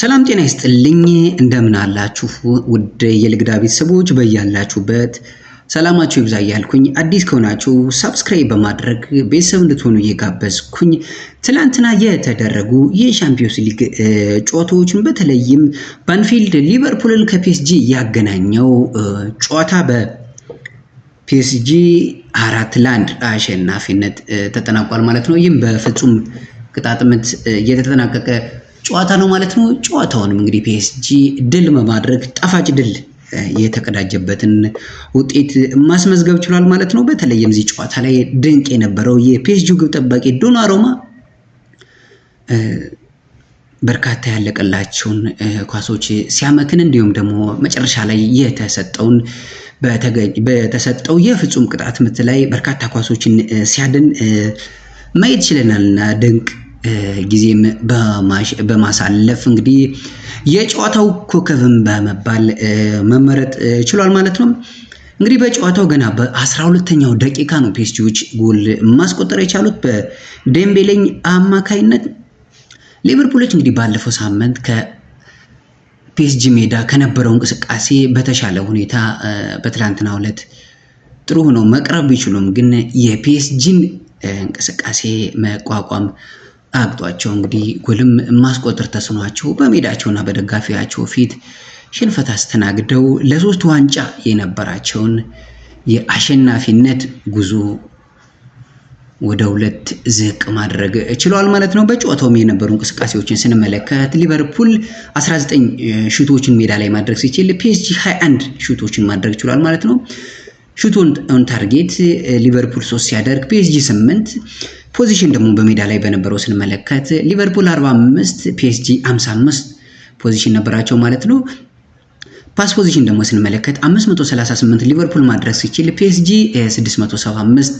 ሰላም ጤና ይስጥልኝ። እንደምን አላችሁ ውድ የልግዳ ቤተሰቦች፣ በያላችሁበት ሰላማችሁ ይብዛ እያልኩኝ አዲስ ከሆናችሁ ሳብስክራይብ በማድረግ ቤተሰብ እንድትሆኑ እየጋበዝኩኝ ትላንትና የተደረጉ የሻምፒዮንስ ሊግ ጨዋታዎችን በተለይም ባንፊልድ ሊቨርፑልን ከፒኤስጂ ያገናኘው ጨዋታ በፒኤስጂ አራት ለአንድ አሸናፊነት ተጠናቋል ማለት ነው። ይህም በፍጹም ቅጣት ምት እየተጠናቀቀ ጨዋታ ነው ማለት ነው። ጨዋታውንም እንግዲህ ፒኤስጂ ድል በማድረግ ጣፋጭ ድል የተቀዳጀበትን ውጤት ማስመዝገብ ችሏል ማለት ነው። በተለይም እዚህ ጨዋታ ላይ ድንቅ የነበረው የፒኤስጂ ግብ ጠባቂ ዶናሮማ በርካታ ያለቀላቸውን ኳሶች ሲያመክን እንዲሁም ደግሞ መጨረሻ ላይ የተሰጠውን በተሰጠው የፍጹም ቅጣት ምት ላይ በርካታ ኳሶችን ሲያድን ማየት ችለናልና ድንቅ ጊዜም በማሳለፍ እንግዲህ የጨዋታው ኮከብም በመባል መመረጥ ችሏል ማለት ነው። እንግዲህ በጨዋታው ገና 12 ሁለተኛው ደቂቃ ነው ፔስቲዎች ጎል ማስቆጠር የቻሉት በዴምቤሌኝ አማካይነት። ሊቨርፑሎች እንግዲህ ባለፈው ሳምንት ከፒኤስጂ ሜዳ ከነበረው እንቅስቃሴ በተሻለ ሁኔታ በትላንትናው ዕለት ጥሩ ሆነው መቅረብ ቢችሉም ግን የፒኤስጂን እንቅስቃሴ መቋቋም አብጧቸው እንግዲህ ጎልም ማስቆጠር ተስኗቸው በሜዳቸውና በደጋፊያቸው ፊት ሽንፈት አስተናግደው ለሶስት ዋንጫ የነበራቸውን የአሸናፊነት ጉዞ ወደ ሁለት ዝቅ ማድረግ ችለዋል ማለት ነው። በጨዋታውም የነበሩ እንቅስቃሴዎችን ስንመለከት ሊቨርፑል 19 ሹቶችን ሜዳ ላይ ማድረግ ሲችል ፒኤስጂ 21 ሹቶችን ማድረግ ችሏል ማለት ነው። ሹት ኦን ታርጌት ሊቨርፑል 3 ሲያደርግ ፒኤስጂ 8 ፖዚሽን ደግሞ በሜዳ ላይ በነበረው ስንመለከት ሊቨርፑል 45 ፒኤስጂ 55 ፖዚሽን ነበራቸው ማለት ነው። ፓስ ፖዚሽን ደግሞ ስንመለከት 538 ሊቨርፑል ማድረግ ሲችል ፒኤስጂ 675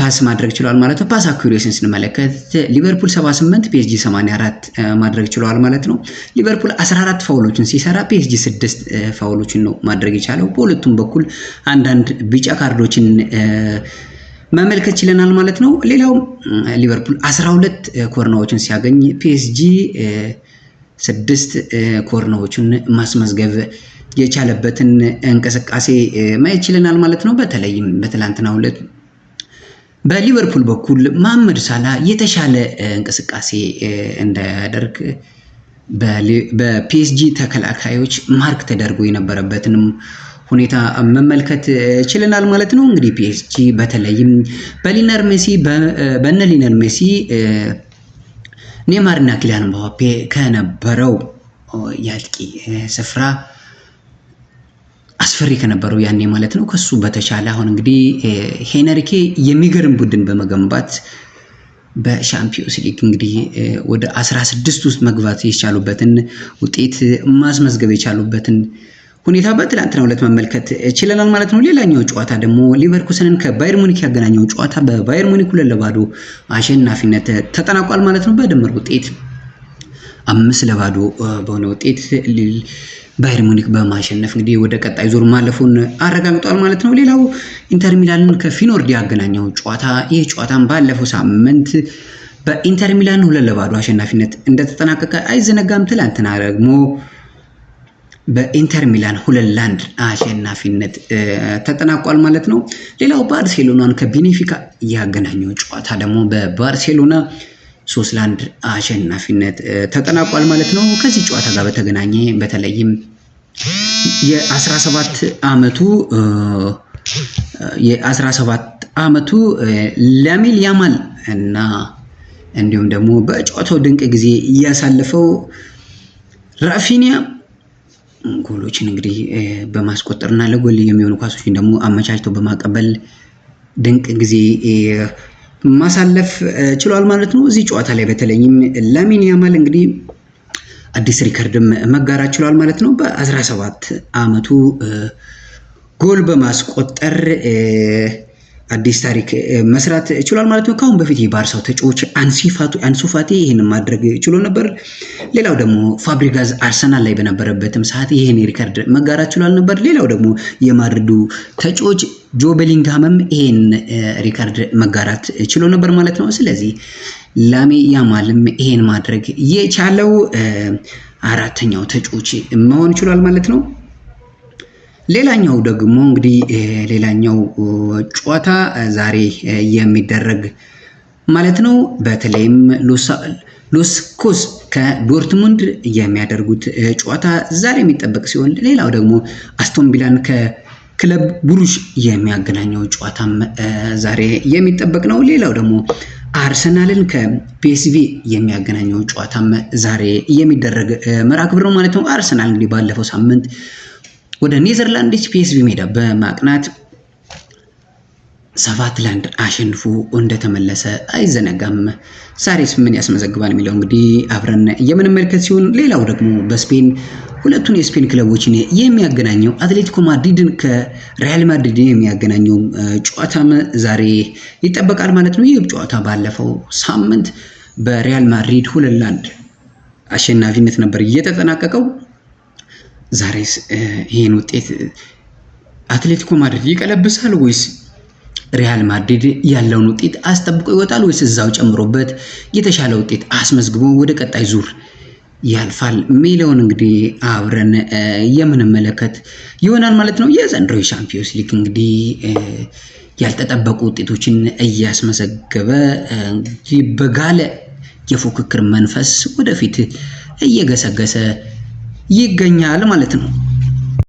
ፓስ ማድረግ ችሏል ማለት ነው። ፓስ አኩሬሽን ስንመለከት ሊቨርፑል 78 ፒኤስጂ 84 ማድረግ ችሏል ማለት ነው። ሊቨርፑል 14 ፋውሎችን ሲሰራ ፒኤስጂ 6 ፋውሎችን ነው ማድረግ የቻለው። በሁለቱም በኩል አንዳንድ ቢጫ ካርዶችን መመልከት ችለናል ማለት ነው። ሌላው ሊቨርፑል 12 ኮርናዎችን ሲያገኝ ፒኤስጂ ስድስት ኮርናዎችን ማስመዝገብ የቻለበትን እንቅስቃሴ ማየት ችለናል ማለት ነው። በተለይም በትላንትናው ዕለት በሊቨርፑል በኩል መሐመድ ሳላ የተሻለ እንቅስቃሴ እንዳያደርግ በፒኤስጂ ተከላካዮች ማርክ ተደርጎ የነበረበትንም ሁኔታ መመልከት ችለናል ማለት ነው። እንግዲህ ፒኤስጂ በተለይም በሊነር ሜሲ በነ ሊነር ሜሲ ኔማርና ኪሊያን ምባፔ ከነበረው የአጥቂ ስፍራ አስፈሪ ከነበረው ያኔ ማለት ነው ከሱ በተሻለ አሁን እንግዲህ ሄነሪኬ የሚገርም ቡድን በመገንባት በሻምፒዮንስ ሊግ እንግዲህ ወደ 16 ውስጥ መግባት የቻሉበትን ውጤት ማስመዝገብ የቻሉበትን ሁኔታ በትላንትናው ዕለት መመልከት ችለናል ማለት ነው። ሌላኛው ጨዋታ ደግሞ ሊቨርኩሰንን ከባየር ሙኒክ ያገናኘው ጨዋታ በባየር ሙኒክ ሁለት ለባዶ አሸናፊነት ተጠናቋል ማለት ነው። በድምር ውጤት አምስት ለባዶ በሆነ ውጤት ባየር ሙኒክ በማሸነፍ እንግዲህ ወደ ቀጣይ ዙር ማለፉን አረጋግጧል ማለት ነው። ሌላው ኢንተር ሚላንን ከፊኖርድ ያገናኘው ጨዋታ ይህ ጨዋታን ባለፈው ሳምንት በኢንተር ሚላን ሁለት ለባዶ አሸናፊነት እንደተጠናቀቀ አይዘነጋም። ትላንትና ደግሞ በኢንተር ሚላን ሁለት ለአንድ አሸናፊነት ተጠናቋል ማለት ነው። ሌላው ባርሴሎናን ከቤኔፊካ ያገናኘው ጨዋታ ደግሞ በባርሴሎና ሶስት ለአንድ አሸናፊነት ተጠናቋል ማለት ነው። ከዚህ ጨዋታ ጋር በተገናኘ በተለይም የ17 ዓመቱ የ17 ዓመቱ ላሚን ያማል እና እንዲሁም ደግሞ በጨዋታው ድንቅ ጊዜ እያሳለፈው ራፊኒያ ጎሎችን እንግዲህ በማስቆጠር እና ለጎል የሚሆኑ ኳሶችን ደግሞ አመቻችተው በማቀበል ድንቅ ጊዜ ማሳለፍ ችሏል ማለት ነው። እዚህ ጨዋታ ላይ በተለይም ላሚን ያማል እንግዲህ አዲስ ሪከርድም መጋራት ችሏል ማለት ነው። በ17 ዓመቱ ጎል በማስቆጠር አዲስ ታሪክ መስራት ችሏል ማለት ነው። ከአሁን በፊት የባርሳው ተጫዋች አንሱ ፋቲ ይህን ማድረግ ችሎ ነበር። ሌላው ደግሞ ፋብሪጋዝ አርሰናል ላይ በነበረበትም ሰዓት ይህን ሪከርድ መጋራት ችሏል ነበር። ሌላው ደግሞ የማድሪዱ ተጫዋች ጆ ቤሊንግሃምም ይህን ሪከርድ መጋራት ችሎ ነበር ማለት ነው። ስለዚህ ላሚ ያማልም ይህን ማድረግ የቻለው አራተኛው ተጫዋች መሆን ችሏል ማለት ነው። ሌላኛው ደግሞ እንግዲህ ሌላኛው ጨዋታ ዛሬ የሚደረግ ማለት ነው። በተለይም ሎስኮስ ከዶርትሙንድ የሚያደርጉት ጨዋታ ዛሬ የሚጠበቅ ሲሆን ሌላው ደግሞ አስቶን ቪላን ከክለብ ብሩዥ የሚያገናኘው ጨዋታም ዛሬ የሚጠበቅ ነው። ሌላው ደግሞ አርሰናልን ከፒኤስቪ የሚያገናኘው ጨዋታም ዛሬ የሚደረግ መርሃ ግብር ነው ማለት ነው። አርሰናል እንግዲህ ባለፈው ሳምንት ወደ ኔዘርላንዶች ፒኤስቪ ሜዳ በማቅናት ሰባት ለአንድ አሸንፎ እንደተመለሰ አይዘነጋም። ዛሬስ ምን ያስመዘግባል የሚለው እንግዲህ አብረን የምንመለከት ሲሆን ሌላው ደግሞ በስፔን ሁለቱን የስፔን ክለቦችን የሚያገናኘው አትሌቲኮ ማድሪድን ከሪያል ማድሪድ የሚያገናኘው ጨዋታም ዛሬ ይጠበቃል ማለት ነው። ይህ ጨዋታ ባለፈው ሳምንት በሪያል ማድሪድ ሁለት ለአንድ አሸናፊነት ነበር እየተጠናቀቀው ዛሬስ ይህን ውጤት አትሌቲኮ ማድሪድ ይቀለብሳል ወይስ ሪያል ማድሪድ ያለውን ውጤት አስጠብቆ ይወጣል ወይስ እዛው ጨምሮበት የተሻለ ውጤት አስመዝግቦ ወደ ቀጣይ ዙር ያልፋል ሚለውን እንግዲህ አብረን የምንመለከት ይሆናል ማለት ነው። የዘንድሮ የሻምፒዮንስ ሊግ እንግዲህ ያልተጠበቁ ውጤቶችን እያስመዘገበ በጋለ የፉክክር መንፈስ ወደፊት እየገሰገሰ ይገኛል ማለት ነው።